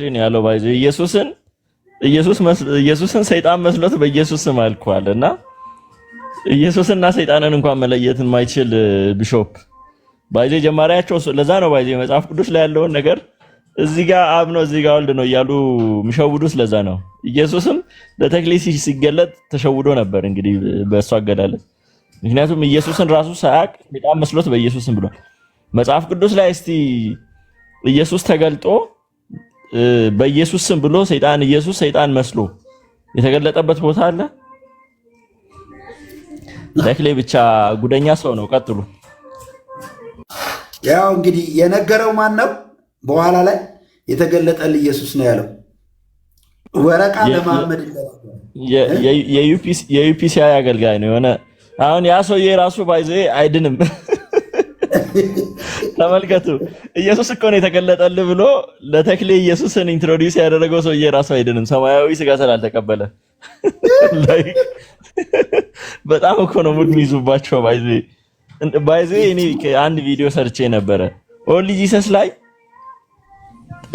ኤግዛክትሊ ነው ያለው። ባይዘ ኢየሱስን ኢየሱስ ኢየሱስን ሰይጣን መስሎት በኢየሱስ ስም አልኳል እና ኢየሱስና ሰይጣንን እንኳን መለየት የማይችል ቢሾፕ ባይዘ ጀማሪያቸው ለዛ ነው። ባይዘ መጽሐፍ ቅዱስ ላይ ያለውን ነገር እዚህ ጋር አብ ነው እዚህ ጋር ወልድ ነው እያሉ የሚሸውዱት ስለዛ ነው። ኢየሱስም ለተክሊስ ሲገለጥ ተሸውዶ ነበር እንግዲህ በእሱ አገላለጽ። ምክንያቱም ኢየሱስን ራሱ ሳያቅ በጣም መስሎት በኢየሱስም ብሏል። መጽሐፍ ቅዱስ ላይ እስቲ ኢየሱስ ተገልጦ በኢየሱስ ስም ብሎ ሰይጣን ኢየሱስ ሰይጣን መስሎ የተገለጠበት ቦታ አለ። ተክሌ ብቻ ጉደኛ ሰው ነው። ቀጥሉ። ያው እንግዲህ የነገረው ማን ነው? በኋላ ላይ የተገለጠል ኢየሱስ ነው ያለው። ወረቃ ለማመድ የዩፒሲአይ አገልጋይ ነው የሆነ አሁን ያ ሰውዬ ራሱ ባይዘ አይድንም ተመልከቱ፣ ኢየሱስ እኮ ነው የተገለጠልህ ብሎ ለተክሌ ኢየሱስን ኢንትሮዲውስ ያደረገው ሰውዬ ራሱ አይድንም፣ ሰማያዊ ስጋ ስላልተቀበለ። በጣም እኮ ነው ሙድ ይዙባቸው። ባይዜ ባይዜ እኔ አንድ ቪዲዮ ሰርቼ ነበረ ኦንሊ ጂሰስ ላይ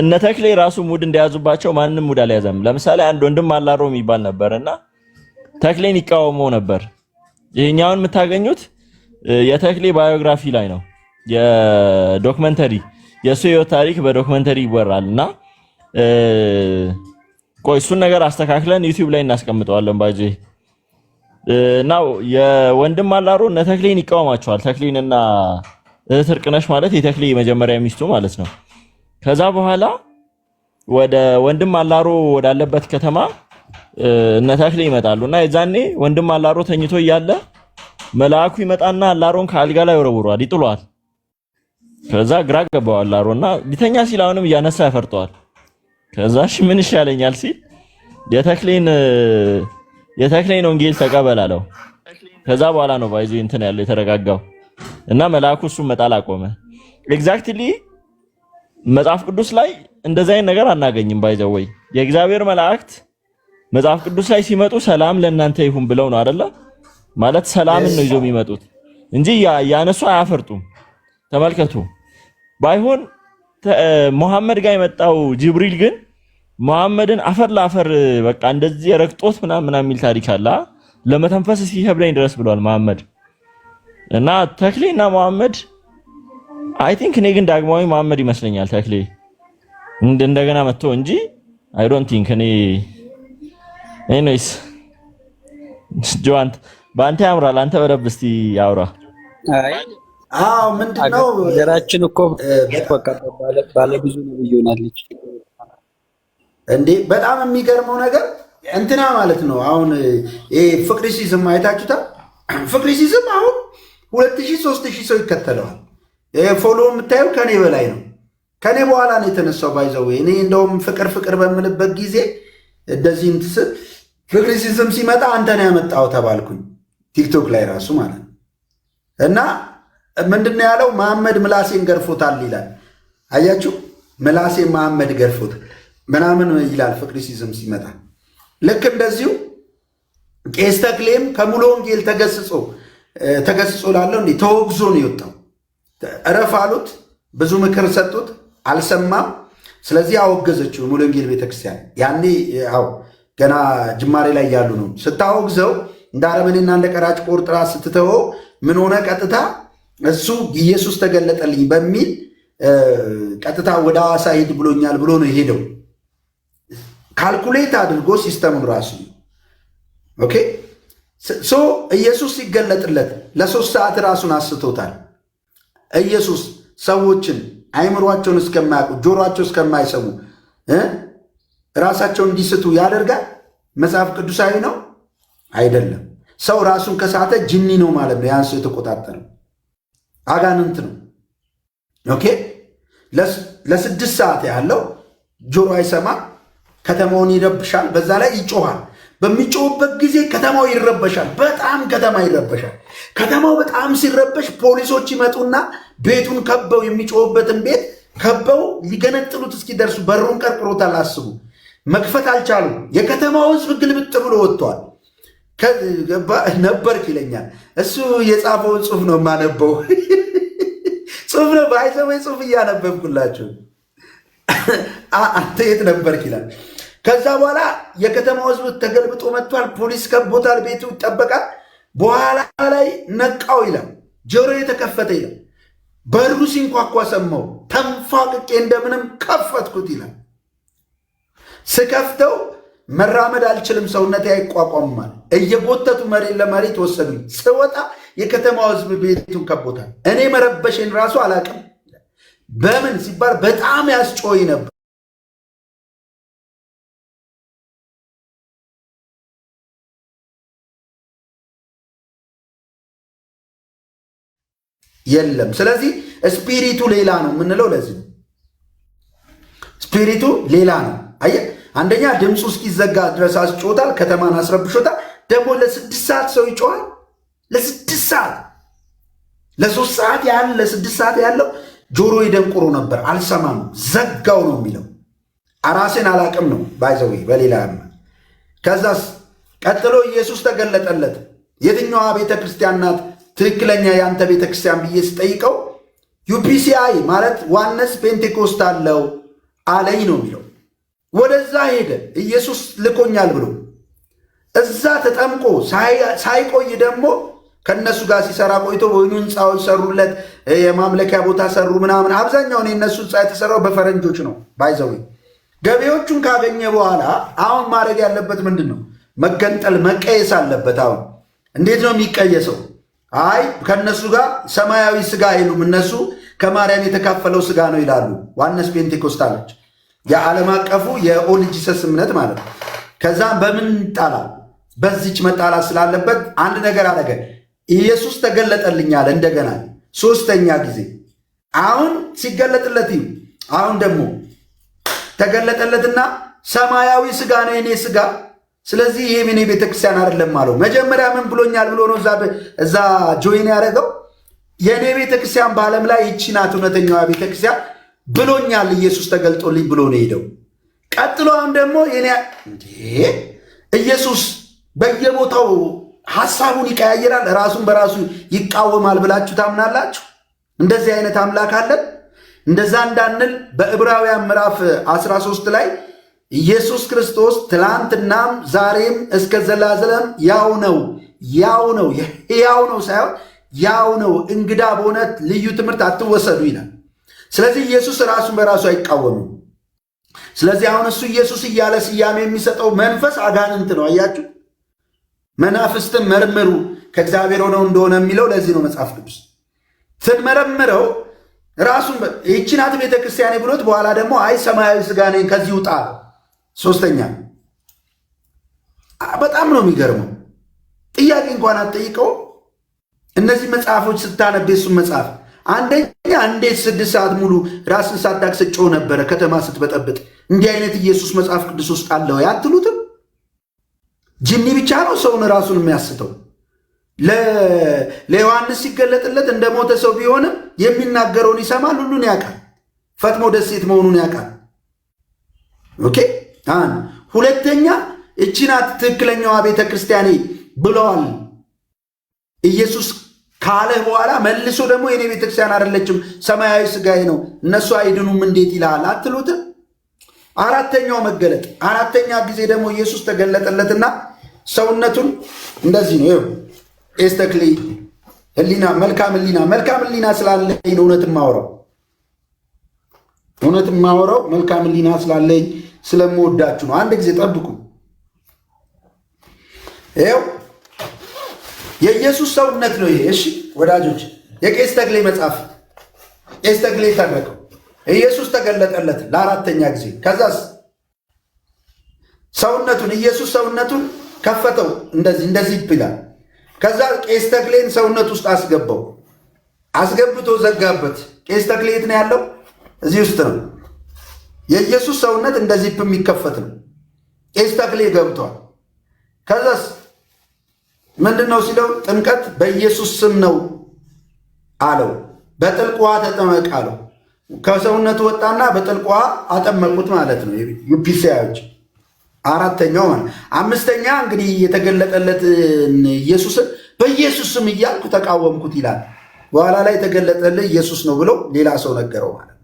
እነ ተክሌ ራሱ ሙድ እንደያዙባቸው ማንም ሙድ አልያዘም። ለምሳሌ አንድ ወንድም አላሮ የሚባል ነበር እና ተክሌን ይቃወመው ነበር። ይሄኛውን የምታገኙት የተክሌ ባዮግራፊ ላይ ነው። የዶክመንተሪ የእሱ ህይወት ታሪክ በዶክመንተሪ ይወራል እና ቆይ እሱን ነገር አስተካክለን ዩቲዩብ ላይ እናስቀምጠዋለን። ባጄ እና የወንድም አላሮ እነ ተክሌን ይቃወማቸዋል። ተክሌን እና እህት እርቅነሽ ማለት የተክሌ የመጀመሪያ ሚስቱ ማለት ነው። ከዛ በኋላ ወደ ወንድም አላሮ ወዳለበት ከተማ እነ ተክሌ ይመጣሉ እና የዛኔ ወንድም አላሮ ተኝቶ እያለ መልአኩ ይመጣና አላሮን ከአልጋ ላይ ወረውረዋል፣ ይጥሏል ከዛ ግራ ገባዋል አሮና ቢተኛ ሲል አሁንም እያነሳ ያፈርጠዋል። ከዛ እሺ ምን ይሻለኛል ሲል የተክሌን የተክሌን ወንጌል ተቀበል አለው። ከዛ በኋላ ነው ባይዚ እንትን ያለው የተረጋጋው እና መልአኩ እሱ መጣል አቆመ። ኤግዛክትሊ መጽሐፍ ቅዱስ ላይ እንደዚህ አይነት ነገር አናገኝም። ባይዘው ወይ የእግዚአብሔር መላእክት መጽሐፍ ቅዱስ ላይ ሲመጡ ሰላም ለእናንተ ይሁን ብለው ነው አይደለ? ማለት ሰላምን ነው ይዞ የሚመጡት እንጂ ያነሱ አያፈርጡም። ተመልከቱ። ባይሆን መሐመድ ጋር የመጣው ጅብሪል ግን መሐመድን አፈር ለአፈር በቃ እንደዚህ የረግጦት ምናምን ምናምን የሚል ታሪክ አለ። ለመተንፈስ እስኪከብደኝ ድረስ ብሏል መሐመድ እና ተክሌ እና መሐመድ አይ ቲንክ እኔ ግን ዳግማዊ መሐመድ ይመስለኛል ተክሌ እንደገና መጥቶ እንጂ አይ ዶንት ቲንክ እኔ ኤኒዌይስ ጆዋንት በአንተ ያምራል። አንተ በደብ እስቲ አውራ። አዎ ምንድነው ሀገራችን እኮ ባለ ብዙ ነው ብየሆናለች እንዴ! በጣም የሚገርመው ነገር እንትና ማለት ነው። አሁን ፍቅሪሲዝም አይታችሁታል? ፍቅሪሲዝም አሁን ሁለት ሺህ ሶስት ሺህ ሰው ይከተለዋል። ፎሎ የምታየው ከኔ በላይ ነው። ከኔ በኋላ ነው የተነሳው። ባይዘው እኔ እንደውም ፍቅር ፍቅር በምልበት ጊዜ እንደዚህ እንትስል ፍቅሪሲዝም ሲመጣ አንተ ነው ያመጣው ተባልኩኝ ቲክቶክ ላይ ራሱ ማለት ነው እና ምንድን ነው ያለው? መሐመድ ምላሴን ገርፎታል ይላል። አያችሁ፣ ምላሴ መሐመድ ገርፎት ምናምን ይላል ሲዝም ሲመጣ። ልክ እንደዚሁ ቄስ ተክሌም ከሙሉ ወንጌል ተገስጾ ተገስጾ ላለው እንዴ ተወግዞ ነው የወጣው። እረፍ አሉት፣ ብዙ ምክር ሰጡት፣ አልሰማም። ስለዚህ አወገዘችው የሙሉ ወንጌል ቤተክርስቲያን። ያኔ አዎ ገና ጅማሬ ላይ ያሉ ነው። ስታወግዘው እንደ አረመኔና እንደ ቀራጭ ቆርጥራ ስትተወው ምን ሆነ ቀጥታ እሱ ኢየሱስ ተገለጠልኝ በሚል ቀጥታ ወደ ሐዋሳ ሂድ ብሎኛል ብሎ ነው የሄደው። ካልኩሌት አድርጎ ሲስተሙን ራሱ ኦኬ ሶ ኢየሱስ ሲገለጥለት ለሶስት ሰዓት ራሱን አስቶታል። ኢየሱስ ሰዎችን አይምሯቸውን እስከማያውቁ ጆሯቸው እስከማይሰሙ ራሳቸውን እንዲስቱ ያደርጋል። መጽሐፍ ቅዱሳዊ ነው አይደለም። ሰው ራሱን ከሳተ ጅኒ ነው ማለት ነው። ያን ሰው የተቆጣጠረው አጋንንት ነው። ኦኬ ለስድስት ሰዓት ያለው ጆሮ አይሰማ፣ ከተማውን ይረብሻል። በዛ ላይ ይጮኋል በሚጮሁበት ጊዜ ከተማው ይረበሻል። በጣም ከተማ ይረበሻል። ከተማው በጣም ሲረበሽ ፖሊሶች ይመጡና ቤቱን ከበው የሚጮሁበትን ቤት ከበው ሊገነጥሉት እስኪደርሱ በሩን ቀርቅሮታል። አስቡ። መክፈት አልቻሉም። የከተማው ህዝብ ግልብጥ ብሎ ወጥቷል። ነበርክ ይለኛል እሱ የጻፈውን ጽሑፍ ነው የማነበው ጽሁፍ ነው በአይዘመኝ ጽሁፍ እያነበብኩላችሁ አንተ የት ነበርክ ይላል። ከዛ በኋላ የከተማው ህዝብ ተገልብጦ መጥቷል። ፖሊስ ከቦታል፣ ቤቱ ይጠበቃል። በኋላ ላይ ነቃው ይላል። ጆሮ የተከፈተ ይላል። በሩ ሲንኳኳ ሰማው። ተንፋቅቄ እንደምንም ከፈትኩት ይላል። ስከፍተው መራመድ አልችልም፣ ሰውነቴ አይቋቋምማል። እየጎተቱ መሬት ለመሬት ወሰዱኝ። ስወጣ የከተማው ህዝብ ቤቱን ከቦታል። እኔ መረበሽን ራሱ አላቅም። በምን ሲባል በጣም ያስጮይ ነበር። የለም ስለዚህ ስፒሪቱ ሌላ ነው የምንለው ለዚህ ነው። ስፒሪቱ ሌላ ነው አየህ አንደኛ ድምፁ እስኪዘጋ ድረስ አስጮታል፣ ከተማን አስረብሾታል። ደግሞ ለስድስት ሰዓት ሰው ይጮሃል። ለስድስት ሰዓት ለሶስት ሰዓት ያህል ለስድስት ሰዓት ያለው ጆሮ ደንቁሮ ነበር፣ አልሰማም፣ ዘጋው ነው የሚለው አራሴን አላቅም ነው ባይዘዌ በሌላ ከዛስ ቀጥሎ ኢየሱስ ተገለጠለት። የትኛዋ ቤተ ክርስቲያን ናት ትክክለኛ የአንተ ቤተ ክርስቲያን ብዬ ስጠይቀው ዩፒሲአይ ማለት ዋነስ ፔንቴኮስት አለው አለኝ ነው የሚለው ወደዛ ሄደ ኢየሱስ ልኮኛል ብሎ እዛ ተጠምቆ ሳይቆይ ደግሞ ከእነሱ ጋር ሲሰራ ቆይቶ ወይኑ ህንፃዎች ሰሩለት፣ የማምለኪያ ቦታ ሰሩ ምናምን። አብዛኛውን የእነሱ ህንፃ የተሰራው በፈረንጆች ነው። ባይዘዌ ገቢዎቹን ካገኘ በኋላ አሁን ማድረግ ያለበት ምንድን ነው? መገንጠል መቀየስ አለበት። አሁን እንዴት ነው የሚቀየሰው? አይ ከእነሱ ጋር ሰማያዊ ስጋ አይሉም እነሱ ከማርያም የተካፈለው ስጋ ነው ይላሉ ዋነስ ፔንቴኮስታሎች። የዓለም አቀፉ የኦል ጂሰስ እምነት ማለት ነው። ከዛ በምን ጣላ በዚች መጣላት ስላለበት አንድ ነገር አደረገ። ኢየሱስ አለ እንደገና ሶስተኛ ጊዜ አሁን ሲገለጥለት አሁን ደግሞ ተገለጠለትና ሰማያዊ ስጋ ነው የኔ ስጋ፣ ስለዚህ ይህም የኔ ቤተክርስቲያን አይደለም አለው። መጀመሪያ ምን ብሎኛል ብሎ ነው እዛ ጆይን ያደረገው የእኔ ቤተክርስቲያን በዓለም ላይ ይቺ ናት እውነተኛዋ ቤተክርስቲያን ብሎኛል ኢየሱስ ተገልጦልኝ ብሎ ነው ሄደው። ቀጥሎ አሁን ደግሞ እንዴ ኢየሱስ በየቦታው ሀሳቡን ይቀያየራል፣ ራሱን በራሱ ይቃወማል ብላችሁ ታምናላችሁ? እንደዚህ አይነት አምላክ አለን? እንደዛ እንዳንል በዕብራውያን ምዕራፍ 13 ላይ ኢየሱስ ክርስቶስ ትላንትናም ዛሬም እስከ ዘላዘለም ያው ነው ያው ነው ያው ነው ሳይሆን ያው ነው። እንግዳ በእውነት ልዩ ትምህርት አትወሰዱ ይላል። ስለዚህ ኢየሱስ ራሱን በራሱ አይቃወምም። ስለዚህ አሁን እሱ ኢየሱስ እያለ ስያሜ የሚሰጠው መንፈስ አጋንንት ነው። አያችሁ፣ መናፍስትን መርምሩ ከእግዚአብሔር ሆነው እንደሆነ የሚለው ለዚህ ነው። መጽሐፍ ቅዱስ ስንመረምረው ራሱን ይህቺ ናት ቤተ ክርስቲያኔ ብሎት፣ በኋላ ደግሞ አይ ሰማያዊ ስጋ ነኝ ከዚህ ውጣ። ሶስተኛ በጣም ነው የሚገርመው። ጥያቄ እንኳን አትጠይቀው። እነዚህ መጽሐፎች ስታነብ የሱን መጽሐፍ አንደኛ እንዴት ስድስት ሰዓት ሙሉ ራስን ሳታቅ ስጮህ ነበረ ከተማ ስትበጠብጥ። እንዲህ አይነት ኢየሱስ መጽሐፍ ቅዱስ ውስጥ አለው ያትሉትም። አትሉትም? ጅኒ ብቻ ነው ሰውን ራሱን የሚያስተው። ለዮሐንስ ሲገለጥለት እንደ ሞተ ሰው ቢሆንም የሚናገረውን ይሰማል፣ ሁሉን ያውቃል፣ ፈጥሞ ደሴት መሆኑን ያውቃል። ኦኬ ሁለተኛ እቺ ናት ትክክለኛዋ ቤተ ክርስቲያኔ ብለዋል ኢየሱስ ካለህ በኋላ መልሶ ደግሞ የኔ ቤተክርስቲያን አይደለችም ሰማያዊ ስጋዬ ነው እነሱ አይድኑም እንዴት ይልሃል አትሉትም? አራተኛው መገለጥ አራተኛ ጊዜ ደግሞ ኢየሱስ ተገለጠለትና ሰውነቱን እንደዚህ ነው ኤስተክሊ ህሊና መልካም ህሊና መልካም ህሊና ስላለኝ እውነት ማውረው እውነት ማውረው መልካም ህሊና ስላለኝ ስለምወዳችሁ ነው። አንድ ጊዜ ጠብቁ ይው የኢየሱስ ሰውነት ነው ይሄ። እሺ ወዳጆች፣ የቄስ ተክሌ መጽሐፍ ቄስ ተክሌ ተረከው ኢየሱስ ተገለጠለት ለአራተኛ ጊዜ። ከዛስ ሰውነቱን ኢየሱስ ሰውነቱን ከፈተው እንደዚህ እንደዚህ ይብላል። ከዛ ቄስ ተክሌን ሰውነት ውስጥ አስገባው። አስገብቶ ዘጋበት። ቄስ ተክሌ የት ነው ያለው? እዚህ ውስጥ ነው። የኢየሱስ ሰውነት እንደዚህ የሚከፈት ነው። ቄስ ተክሌ ገብቷል። ከዛስ ምንድን ነው ሲለው ጥምቀት በኢየሱስ ስም ነው አለው። በጥልቅ ውሃ ተጠመቅ አለው። ከሰውነቱ ወጣና በጥልቅ ውሃ አጠመቁት ማለት ነው ዩፒሲያዎች። አራተኛው ማለት አምስተኛ እንግዲህ የተገለጠለት ኢየሱስን በኢየሱስ ስም እያልኩ ተቃወምኩት ይላል። በኋላ ላይ የተገለጠልህ ኢየሱስ ነው ብለው ሌላ ሰው ነገረው ማለት ነው።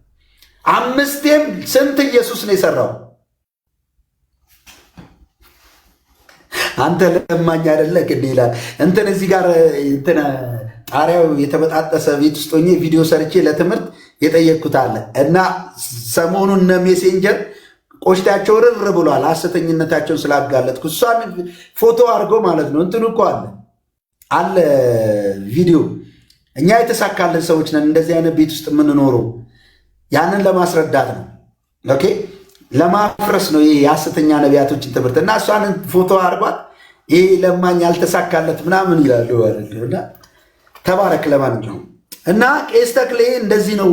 አምስቴም ስንት ኢየሱስ ነው የሰራው አንተ ለማኝ አይደለ ቅድ ይላል እንትን እዚህ ጋር እንትን ጣሪያው የተበጣጠሰ ቤት ውስጥ ሆኜ ቪዲዮ ሰርቼ ለትምህርት የጠየቅኩት አለ እና ሰሞኑን እነ ሜሴንጀር ቆሽታቸው ርር ብሏል። ሐሰተኝነታቸውን ስላጋለጥኩ እሷን ፎቶ አድርጎ ማለት ነው። እንትኑ እኮ አለ አለ ቪዲዮ እኛ የተሳካልን ሰዎች ነን፣ እንደዚህ አይነት ቤት ውስጥ የምንኖረው ያንን ለማስረዳት ነው። ኦኬ ለማፍረስ ነው ይሄ የሐሰተኛ ነቢያቶችን ትምህርት እና እሷን ፎቶ አድርጓል ይህ ለማኝ ያልተሳካለት ምናምን ይላሉ እና ተባረክ ለማንኛውም እና ቄስ ተክሌ እንደዚህ ነው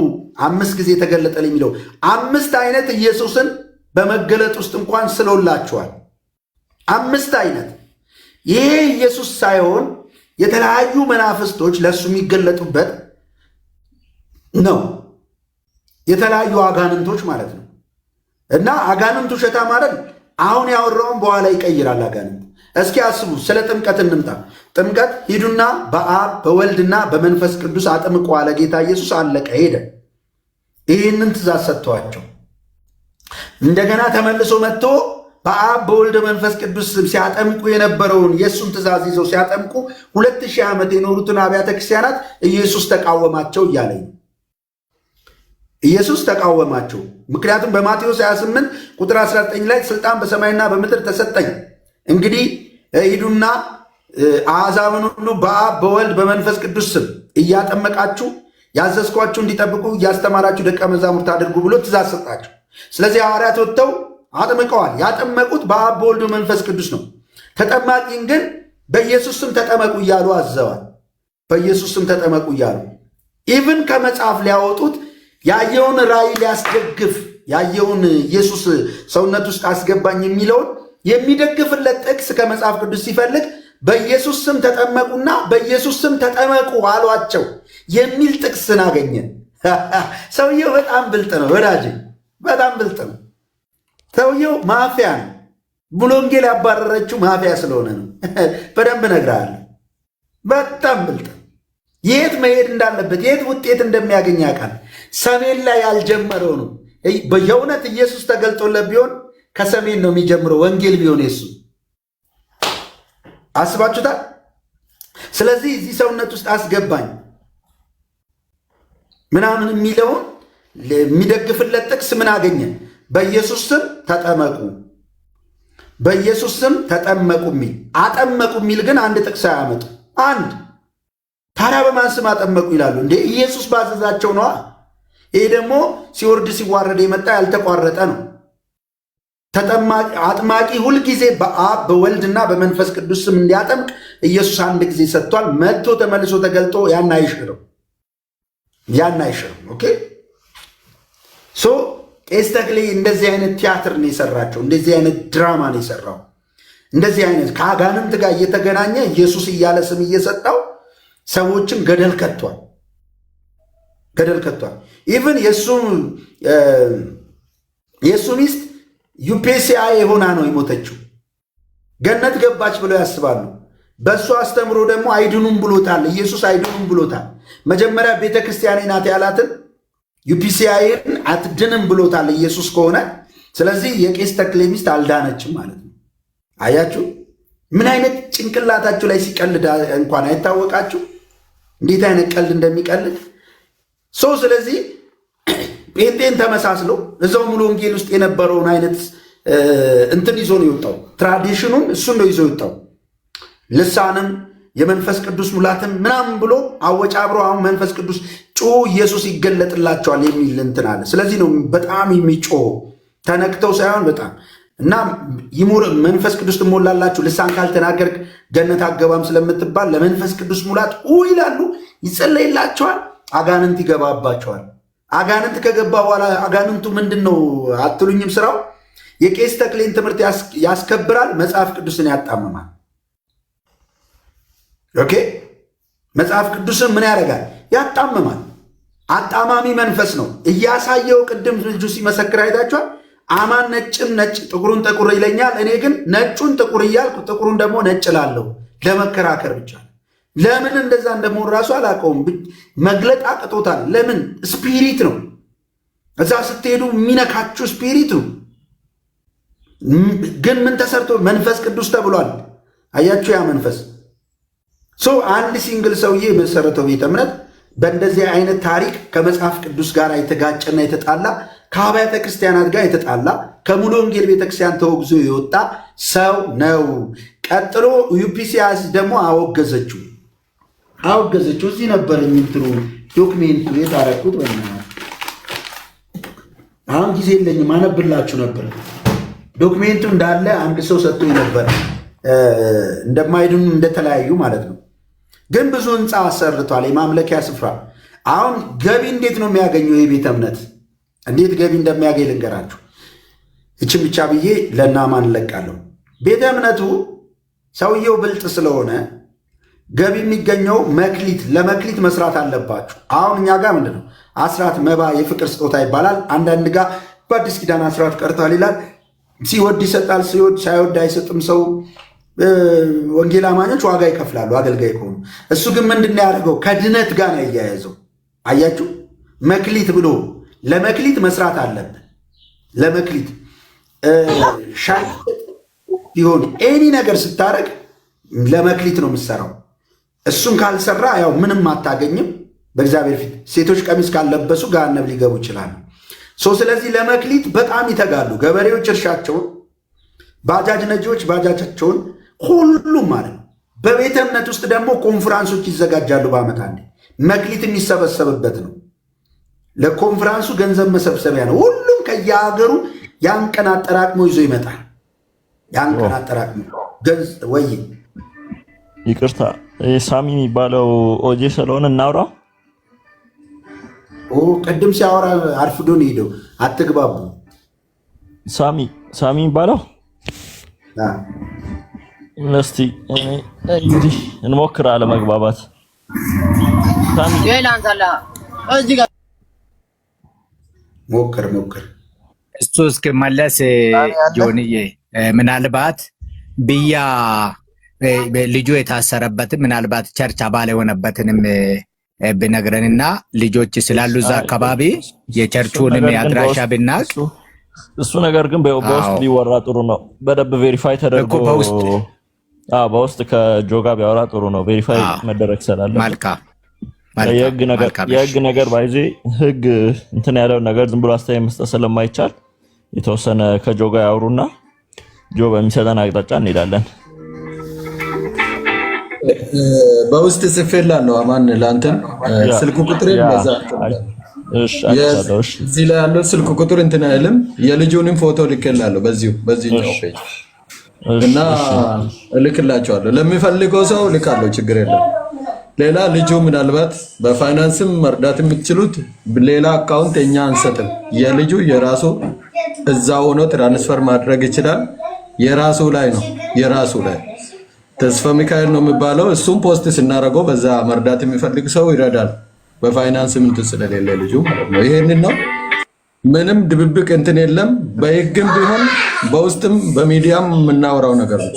አምስት ጊዜ ተገለጠ የሚለው አምስት አይነት ኢየሱስን በመገለጥ ውስጥ እንኳን ስለውላችኋል። አምስት አይነት ይሄ ኢየሱስ ሳይሆን የተለያዩ መናፍስቶች ለእሱ የሚገለጡበት ነው። የተለያዩ አጋንንቶች ማለት ነው። እና አጋንንት ውሸታ ማለት አሁን ያወራውን በኋላ ይቀይራል አጋንንት እስኪ አስቡ። ስለ ጥምቀት እንምጣ። ጥምቀት ሂዱና በአብ በወልድና በመንፈስ ቅዱስ አጥምቁ አለ ጌታ ኢየሱስ። አለቀ፣ ሄደ። ይህንን ትእዛዝ ሰጥተዋቸው እንደገና ተመልሶ መጥቶ በአብ በወልድ መንፈስ ቅዱስ ሲያጠምቁ የነበረውን የእሱን ትእዛዝ ይዘው ሲያጠምቁ ሁለት ሺህ ዓመት የኖሩትን አብያተ ክርስቲያናት ኢየሱስ ተቃወማቸው እያለኝ ኢየሱስ ተቃወማቸው። ምክንያቱም በማቴዎስ 28 ቁጥር 19 ላይ ስልጣን በሰማይና በምድር ተሰጠኝ እንግዲህ ሂዱና አሕዛብን ሁሉ በአብ በወልድ በመንፈስ ቅዱስ ስም እያጠመቃችሁ ያዘዝኳችሁ እንዲጠብቁ እያስተማራችሁ ደቀ መዛሙርት አድርጉ ብሎ ትእዛዝ ሰጣቸው። ስለዚህ ሐዋርያት ወጥተው አጥምቀዋል። ያጠመቁት በአብ በወልድ በመንፈስ ቅዱስ ነው። ተጠማቂን ግን በኢየሱስ ስም ተጠመቁ እያሉ አዘዋል። በኢየሱስ ስም ተጠመቁ እያሉ ኢቭን ከመጽሐፍ ሊያወጡት ያየውን ራእይ ሊያስደግፍ ያየውን ኢየሱስ ሰውነት ውስጥ አስገባኝ የሚለውን የሚደግፍለት ጥቅስ ከመጽሐፍ ቅዱስ ሲፈልግ በኢየሱስ ስም ተጠመቁና በኢየሱስ ስም ተጠመቁ አሏቸው የሚል ጥቅስን አገኘ። ሰውየው በጣም ብልጥ ነው ወዳጅ፣ በጣም ብልጥ ነው ሰውየው። ማፊያ ነው ብሎ ወንጌል ያባረረችው ማፊያ ስለሆነ ነው። በደንብ እነግርሃለሁ። በጣም ብልጥ የት መሄድ እንዳለበት የት ውጤት እንደሚያገኝ ያውቃል። ሰሜን ላይ ያልጀመረው ነው። የእውነት ኢየሱስ ተገልጦለት ቢሆን ከሰሜን ነው የሚጀምረው ወንጌል ቢሆን የሱ አስባችሁታል። ስለዚህ እዚህ ሰውነት ውስጥ አስገባኝ ምናምን የሚለውን የሚደግፍለት ጥቅስ ምን አገኘን? በኢየሱስ ስም ተጠመቁ፣ በኢየሱስ ስም ተጠመቁ የሚል አጠመቁ የሚል ግን አንድ ጥቅስ አያመጡ። አንድ ታዲያ በማን ስም አጠመቁ ይላሉ እንዴ? ኢየሱስ ባዘዛቸው ነዋ። ይሄ ደግሞ ሲወርድ ሲዋረድ የመጣ ያልተቋረጠ ነው። አጥማቂ ሁልጊዜ በአብ በወልድና በመንፈስ ቅዱስ ስም እንዲያጠምቅ ኢየሱስ አንድ ጊዜ ሰጥቷል። መጥቶ ተመልሶ ተገልጦ ያን አይሽርም፣ ያን አይሽርም። ኦኬ ሶ ቄስ ተክሌ እንደዚህ አይነት ቲያትር ነው የሰራቸው። እንደዚህ አይነት ድራማ ነው የሰራው። እንደዚህ አይነት ከአጋንንት ጋር እየተገናኘ ኢየሱስ እያለ ስም እየሰጠው ሰዎችን ገደል ከቷል፣ ገደል ከቷል። ኢቭን የእሱ ሚስት ዩፔሲያ የሆና ነው የሞተችው። ገነት ገባች ብለው ያስባሉ። በእሱ አስተምሮ ደግሞ አይድኑም ብሎታል ኢየሱስ አይድኑም ብሎታል። መጀመሪያ ቤተ ክርስቲያኔ ናት ያላትን ዩፒሲያይን አትድንም ብሎታል ኢየሱስ ከሆነ ስለዚህ የቄስ ተክሌ ሚስት አልዳነችም ማለት ነው። አያችሁ ምን አይነት ጭንቅላታችሁ ላይ ሲቀልድ እንኳን አይታወቃችሁ እንዴት አይነት ቀልድ እንደሚቀልድ ሰው ስለዚህ ጴንጤን ተመሳስሎ እዛው ሙሉ ወንጌል ውስጥ የነበረውን አይነት እንትን ይዞ ነው የወጣው። ትራዲሽኑን እሱን ነው ይዞ የወጣው። ልሳንም የመንፈስ ቅዱስ ሙላትም ምናምን ብሎ አብሮ አሁን መንፈስ ቅዱስ ጩሁ ኢየሱስ ይገለጥላቸዋል የሚል እንትን አለ። ስለዚህ ነው በጣም የሚጮ ተነክተው ሳይሆን በጣም እና ይሙር መንፈስ ቅዱስ ትሞላላችሁ፣ ልሳን ካልተናገር ገነት አገባም ስለምትባል ለመንፈስ ቅዱስ ሙላት ይላሉ፣ ይጸለይላቸዋል፣ አጋንንት ይገባባቸዋል። አጋንንት ከገባ በኋላ አጋንንቱ ምንድን ነው አትሉኝም? ስራው የቄስ ተክሌን ትምህርት ያስከብራል፣ መጽሐፍ ቅዱስን ያጣምማል። ኦኬ መጽሐፍ ቅዱስን ምን ያደርጋል? ያጣምማል። አጣማሚ መንፈስ ነው። እያሳየው ቅድም ልጁ ሲመሰክር አይታችኋል። አማን ነጭን ነጭ ጥቁሩን ጥቁር ይለኛል፣ እኔ ግን ነጩን ጥቁር እያልኩ ጥቁሩን ደግሞ ነጭ ላለው ለመከራከር ብቻ ለምን እንደዛ እንደመሆን ራሱ አላውቀውም። መግለጥ አቅቶታል። ለምን ስፒሪት ነው፣ እዛ ስትሄዱ የሚነካችሁ ስፒሪት ነው። ግን ምን ተሰርቶ መንፈስ ቅዱስ ተብሏል። አያችሁ፣ ያ መንፈስ ሰው አንድ ሲንግል ሰውዬ የመሰረተው ቤተ እምነት በእንደዚህ አይነት ታሪክ ከመጽሐፍ ቅዱስ ጋር የተጋጨና የተጣላ ከአብያተ ክርስቲያናት ጋር የተጣላ ከሙሉ ወንጌል ቤተክርስቲያን ተወግዞ የወጣ ሰው ነው። ቀጥሎ ዩፒሲያስ ደግሞ አወገዘችው። አወገዘችው። እዚህ ነበረኝ እንትሩ ዶክሜንቱ የታረቁት ወይ አሁን ጊዜ የለኝም፣ አነብላችሁ ነበር። ዶክሜንቱ እንዳለ አንድ ሰው ሰጥቶ ነበር፣ እንደማይድኑ እንደተለያዩ ማለት ነው። ግን ብዙ ህንፃ አሰርቷል፣ የማምለኪያ ስፍራ። አሁን ገቢ እንዴት ነው የሚያገኘው? የቤተ እምነት እንዴት ገቢ እንደሚያገኝ ልንገራችሁ። እችን ብቻ ብዬ ለናማን እንለቃለሁ። ቤተ እምነቱ ሰውየው ብልጥ ስለሆነ ገቢ የሚገኘው መክሊት ለመክሊት መስራት አለባችሁ። አሁን እኛ ጋር ምንድን ነው አስራት መባ የፍቅር ስጦታ ይባላል። አንዳንድ ጋር በአዲስ ኪዳን አስራት ቀርቷል ይላል። ሲወድ ይሰጣል፣ ሲወድ ሳይወድ አይሰጥም ሰው። ወንጌል አማኞች ዋጋ ይከፍላሉ አገልጋይ ከሆኑ። እሱ ግን ምንድን ያደርገው ከድነት ጋር ነው እያያዘው። አያችሁ መክሊት ብሎ ለመክሊት መስራት አለብን። ለመክሊት ሻይ ቢሆን ኤኒ ነገር ስታደርግ ለመክሊት ነው የምትሰራው። እሱን ካልሰራ ያው ምንም አታገኝም በእግዚአብሔር ፊት። ሴቶች ቀሚስ ካልለበሱ ጋነብ ሊገቡ ይችላሉ። ስለዚህ ለመክሊት በጣም ይተጋሉ። ገበሬዎች እርሻቸውን፣ ባጃጅ ነጂዎች ባጃጃቸውን፣ ሁሉም ማለት ነው። በቤተ እምነት ውስጥ ደግሞ ኮንፍራንሶች ይዘጋጃሉ። በዓመት አንዴ መክሊት የሚሰበሰብበት ነው። ለኮንፍራንሱ ገንዘብ መሰብሰቢያ ነው። ሁሉም ከየሀገሩ ያን ቀን አጠራቅሞ ይዞ ይመጣል። ያን ቀን አጠራቅሞ ወይ ይቅርታ ሳሚ የሚባለው ኦጄ ስለሆነ እናውራ። ቅድም ሲያወራ አርፍዶ ነው ሄደው፣ አትግባቡ። ሳሚ ሳሚ የሚባለው እስቲ እንግዲህ እንሞክር አለመግባባት ሞክር ሞክር እሱ እስክመለስ ጆንዬ ምናልባት ብያ ልጁ የታሰረበትን ምናልባት ቸርች አባል የሆነበትንም ብነግረንና ልጆች ስላሉ እዛ አካባቢ የቸርቹንም የአድራሻ ብናቅ እሱ ነገር ግን በውስጥ ሊወራ ጥሩ ነው። በደንብ ቬሪፋይ ተደርጎ በውስጥ ከጆጋ ቢያወራ ጥሩ ነው። ቬሪፋይ መደረግ ስላለ መልካም የህግ ነገር ባይዜ ህግ እንትን ያለው ነገር ዝም ብሎ አስተያየት መስጠት ስለማይቻል የተወሰነ ከጆጋ ያውሩና ጆ በሚሰጠን አቅጣጫ እንሄዳለን። በውስጥ ጽፌልሃለሁ አማን፣ ለአንተም ስልክ ቁጥር ለዛ እዚህ ላይ ያለው ስልክ ቁጥር እንትን አይልም። የልጁንም ፎቶ ልክላለሁ በዚሁ በዚህ እና እልክላቸዋለሁ። ለሚፈልገው ሰው ልካለሁ፣ ችግር የለም። ሌላ ልጁ ምናልባት በፋይናንስም መርዳት የምትችሉት ሌላ አካውንት እኛ አንሰጥም። የልጁ የራሱ እዛ ሆኖ ትራንስፈር ማድረግ ይችላል። የራሱ ላይ ነው የራሱ ላይ ተስፋ ሚካኤል ነው የሚባለው። እሱም ፖስት ስናደርገው በዛ መርዳት የሚፈልግ ሰው ይረዳል። በፋይናንስ ምንት ስለሌለ ልጁ ማለት ነው። ይሄንን ነው ምንም ድብብቅ እንትን የለም። በህግም ቢሆን በውስጥም በሚዲያም የምናወራው ነገር ነው፣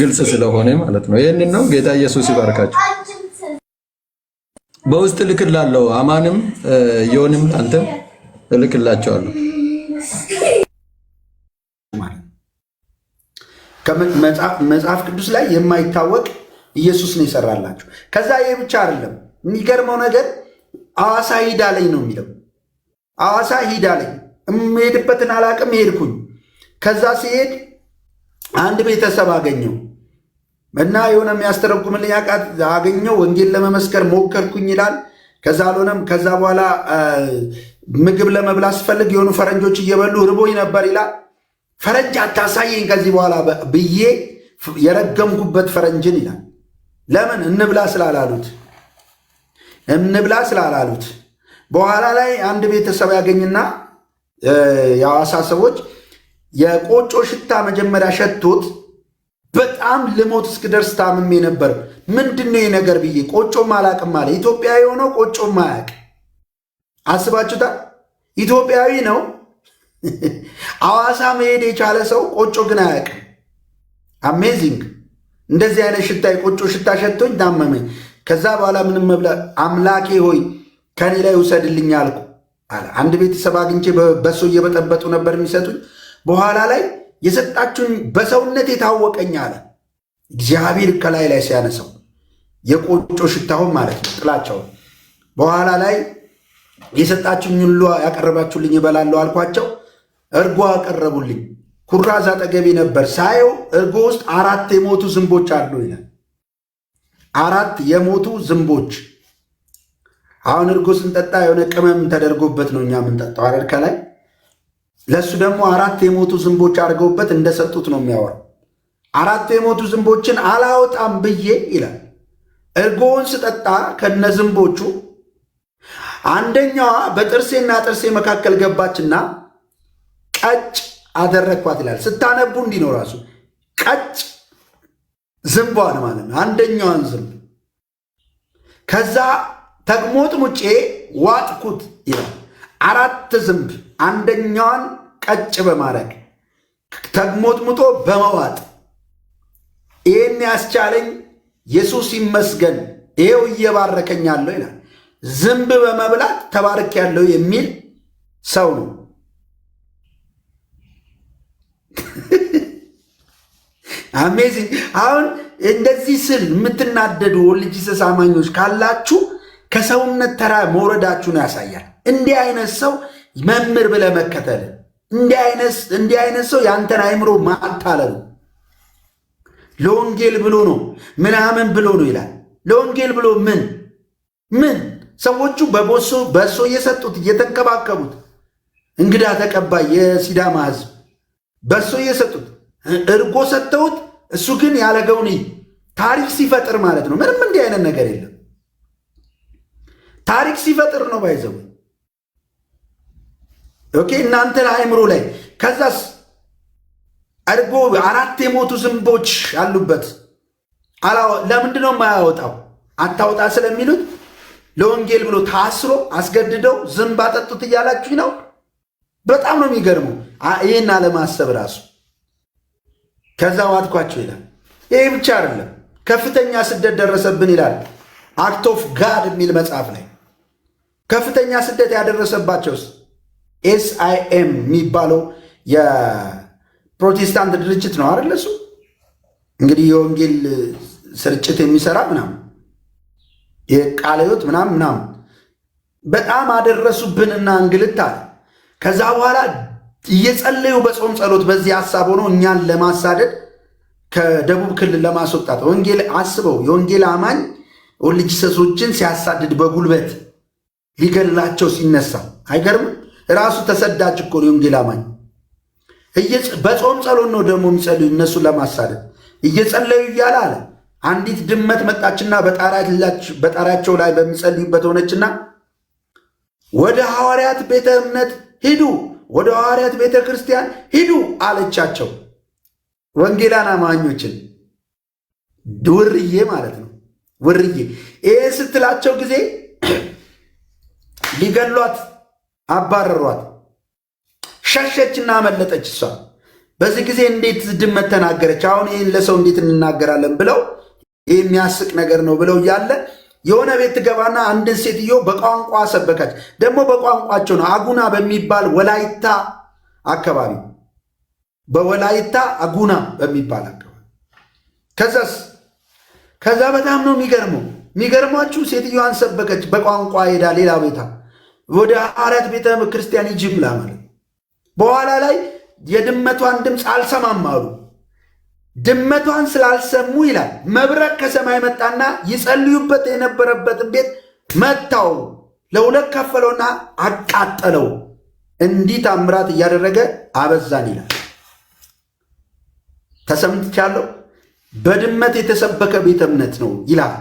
ግልጽ ስለሆነ ማለት ነው። ይህንን ነው። ጌታ ኢየሱስ ይባርካቸው። በውስጥ እልክላለሁ። አማንም የሆንም አንተም እልክላቸዋለሁ። መጽሐፍ ቅዱስ ላይ የማይታወቅ ኢየሱስ ነው ይሰራላችሁ። ከዛ ይሄ ብቻ አይደለም። የሚገርመው ነገር አዋሳ ሂዳ ላይ ነው የሚለው። አዋሳ ሂዳ ላይ የምሄድበትን አላቅም፣ ሄድኩኝ። ከዛ ሲሄድ አንድ ቤተሰብ አገኘው እና የሆነ የሚያስተረጉምልኝ ያቃት አገኘው። ወንጌል ለመመስከር ሞከርኩኝ ይላል። ከዛ አልሆነም። ከዛ በኋላ ምግብ ለመብላት ስፈልግ የሆኑ ፈረንጆች እየበሉ ርቦኝ ነበር ይላል። ፈረንጅ አታሳየኝ ከዚህ በኋላ ብዬ የረገምኩበት ፈረንጅን ይላል። ለምን እንብላ ስላላሉት እንብላ ስላላሉት። በኋላ ላይ አንድ ቤተሰብ ያገኝና የሐዋሳ ሰዎች የቆጮ ሽታ መጀመሪያ ሸቶት በጣም ልሞት እስክደርስ ታምሜ ነበር። ምንድን ነው ይህ ነገር ብዬ ቆጮም አላቅም አለ። ኢትዮጵያዊ የሆነው ቆጮም አያቅ አስባችሁታል። ኢትዮጵያዊ ነው አዋሳ መሄድ የቻለ ሰው ቆጮ ግን አያውቅም። አሜዚንግ እንደዚህ አይነት ሽታ የቆጮ ሽታ ሸቶኝ ታመመኝ። ከዛ በኋላ ምንም መብላ አምላኬ ሆይ ከኔ ላይ ውሰድልኝ አልኩ አለ። አንድ ቤተሰብ አግኝቼ በሶ እየበጠበጡ ነበር የሚሰጡኝ። በኋላ ላይ የሰጣችሁኝ በሰውነት የታወቀኝ አለ። እግዚአብሔር ከላይ ላይ ሲያነሰው የቆጮ ሽታሁን ማለት ነው ጥላቸው። በኋላ ላይ የሰጣችሁኝ ሁሉ ያቀረባችሁልኝ ይበላለሁ አልኳቸው። እርጎ አቀረቡልኝ። ኩራዝ አጠገቤ ነበር። ሳየው እርጎ ውስጥ አራት የሞቱ ዝንቦች አሉ ይላል። አራት የሞቱ ዝንቦች። አሁን እርጎ ስንጠጣ የሆነ ቅመም ተደርጎበት ነው እኛ የምንጠጣው አይደል? ከላይ ለእሱ ደግሞ አራት የሞቱ ዝንቦች አድርገውበት እንደሰጡት ነው የሚያወራው። አራት የሞቱ ዝንቦችን አላወጣም ብዬ ይላል። እርጎውን ስጠጣ ከነ ዝንቦቹ አንደኛዋ በጥርሴና ጥርሴ መካከል ገባችና ቀጭ አደረግኳት ይላል። ስታነቡ እንዲህ ነው ራሱ ቀጭ ዝንቧን ማለት ነው፣ አንደኛዋን ዝንብ። ከዛ ተግሞጥ ሙጬ ዋጥኩት ይላል። አራት ዝንብ አንደኛዋን ቀጭ በማድረግ ተግሞጥ ሙጦ በመዋጥ ይህን ያስቻለኝ ኢየሱስ ይመስገን፣ ይሄው እየባረከኛለሁ ይላል። ዝንብ በመብላት ተባርክ ያለው የሚል ሰው ነው። አሜዚንግ። አሁን እንደዚህ ስል የምትናደዱ ወልጅ አማኞች ካላችሁ ከሰውነት ተራ መውረዳችሁን ያሳያል። እንዲህ አይነት ሰው መምህር ብለህ መከተል፣ እንዲህ አይነት ሰው የአንተን አይምሮ ማታለሉ ለወንጌል ብሎ ነው ምናምን ብሎ ነው ይላል። ለወንጌል ብሎ ምን ምን ሰዎቹ በቦሶ በሶ እየሰጡት እየተንከባከቡት እንግዳ ተቀባይ የሲዳማ ህዝብ በሶ እየሰጡት እርጎ ሰጥተውት እሱ ግን ያለገውን ታሪክ ሲፈጥር ማለት ነው። ምንም እንዲህ አይነት ነገር የለም። ታሪክ ሲፈጥር ነው ባይዘው። ኦኬ እናንተ አእምሮ ላይ ከዛስ እርጎ አራት የሞቱ ዝንቦች አሉበት። ለምንድን ነው የማያወጣው? አታውጣ ስለሚሉት ለወንጌል ብሎ ታስሮ አስገድደው ዝንብ አጠጡት እያላችሁ ነው። በጣም ነው የሚገርመው ይህን አለማሰብ ራሱ ከዛ ዋጥኳቸው ይላል። ይህ ብቻ አይደለም፣ ከፍተኛ ስደት ደረሰብን ይላል። አክት ኦፍ ጋድ የሚል መጽሐፍ ላይ ከፍተኛ ስደት ያደረሰባቸውስ ኤስ አይ ኤም የሚባለው የፕሮቴስታንት ድርጅት ነው አይደል? እሱ እንግዲህ የወንጌል ስርጭት የሚሰራ ምናምን የቃለ ሕይወት ምናምን ምናምን በጣም አደረሱብንና እንግልት አለ። ከዛ በኋላ እየጸለዩ በጾም ጸሎት በዚህ ሀሳብ ሆኖ እኛን ለማሳደድ ከደቡብ ክልል ለማስወጣት ወንጌል አስበው የወንጌል አማኝ ወልጅ ሰሶችን ሲያሳድድ በጉልበት ሊገላቸው ሲነሳ አይገርምም? ራሱ ተሰዳጅ እኮ የወንጌል አማኝ በጾም ጸሎት ነው ደግሞ የሚጸልዩ እነሱን ለማሳደድ እየጸለዩ እያለ አለ። አንዲት ድመት መጣችና በጣሪያቸው ላይ በሚጸልዩበት ሆነችና ወደ ሐዋርያት ቤተ እምነት ሂዱ ወደ ሐዋርያት ቤተ ክርስቲያን ሂዱ አለቻቸው። ወንጌላን አማኞችን ውርዬ ማለት ነው። ውርዬ ይህ ስትላቸው ጊዜ ሊገሏት አባረሯት። ሸሸችና አመለጠች። እሷ በዚህ ጊዜ እንዴት ድመት ተናገረች? አሁን ይህን ለሰው እንዴት እንናገራለን ብለው ይህ የሚያስቅ ነገር ነው ብለው እያለ የሆነ ቤት ትገባና አንድን ሴትዮ በቋንቋ ሰበካች። ደግሞ በቋንቋቸው ነው፣ አጉና በሚባል ወላይታ አካባቢ በወላይታ አጉና በሚባል አካባቢ። ከዛስ ከዛ በጣም ነው የሚገርመው። የሚገርማችሁ ሴትዮዋን ሰበከች በቋንቋ ሄዳ ሌላ ቤታ ወደ አራት ቤተ ክርስቲያን ይጅምላ ማለት በኋላ ላይ የድመቷን ድምፅ አልሰማም አሉ። ድመቷን ስላልሰሙ ይላል መብረቅ ከሰማይ መጣና ይጸልዩበት የነበረበትን ቤት መታው፣ ለሁለት ከፈለውና አቃጠለው። እንዲህ ታምራት እያደረገ አበዛን ይላል። ተሰምቻለሁ። በድመት የተሰበከ ቤተ እምነት ነው ይላል።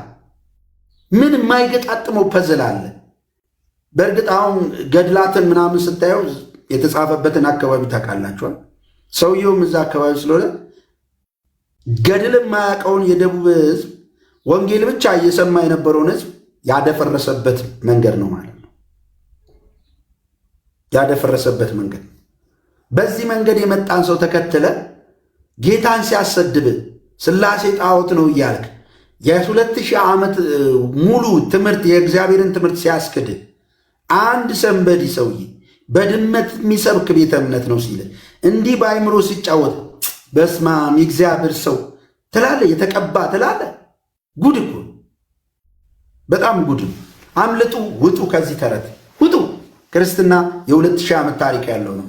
ምን የማይገጣጥመው ፐዝል አለ? በእርግጥ አሁን ገድላትን ምናምን ስታየው የተጻፈበትን አካባቢ ታውቃላችኋል። ሰውየውም እዛ አካባቢ ስለሆነ ገድል የማያውቀውን የደቡብ ህዝብ ወንጌል ብቻ እየሰማ የነበረውን ህዝብ ያደፈረሰበት መንገድ ነው ማለት ነው። ያደፈረሰበት መንገድ በዚህ መንገድ የመጣን ሰው ተከትለ ጌታን ሲያሰድብ ስላሴ ጣዖት ነው እያልክ የሁለት ሺህ ዓመት ሙሉ ትምህርት የእግዚአብሔርን ትምህርት ሲያስክድ አንድ ሰንበዲ ሰውዬ በድመት የሚሰብክ ቤተ እምነት ነው ሲል እንዲህ በአይምሮ ሲጫወት በስማም የእግዚአብሔር ሰው ትላለ፣ የተቀባ ትላለ። ጉድ እኮ በጣም ጉድ። አምልጡ፣ ውጡ፣ ከዚህ ተረት ውጡ። ክርስትና የሁለት ሺህ ዓመት ታሪክ ያለው ነው።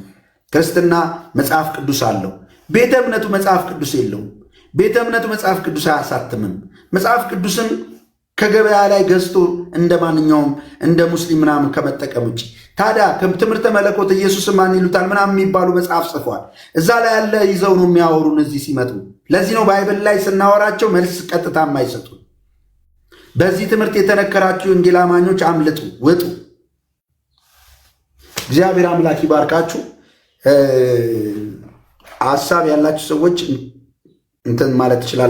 ክርስትና መጽሐፍ ቅዱስ አለው። ቤተ እምነቱ መጽሐፍ ቅዱስ የለውም። ቤተ እምነቱ መጽሐፍ ቅዱስ አያሳትምም። መጽሐፍ ቅዱስን ከገበያ ላይ ገዝቶ እንደ ማንኛውም እንደ ሙስሊም ምናምን ከመጠቀም ውጭ ታዲያ ትምህርተ መለኮት ኢየሱስ ማን ይሉታል ምናምን የሚባሉ መጽሐፍ ጽፏል። እዛ ላይ ያለ ይዘው ነው የሚያወሩን እዚህ ሲመጡ። ለዚህ ነው ባይብል ላይ ስናወራቸው መልስ ቀጥታ የማይሰጡ። በዚህ ትምህርት የተነከራችሁ ወንጌል አማኞች አምልጡ፣ ውጡ። እግዚአብሔር አምላክ ይባርካችሁ። ሀሳብ ያላችሁ ሰዎች እንትን ማለት ይችላል?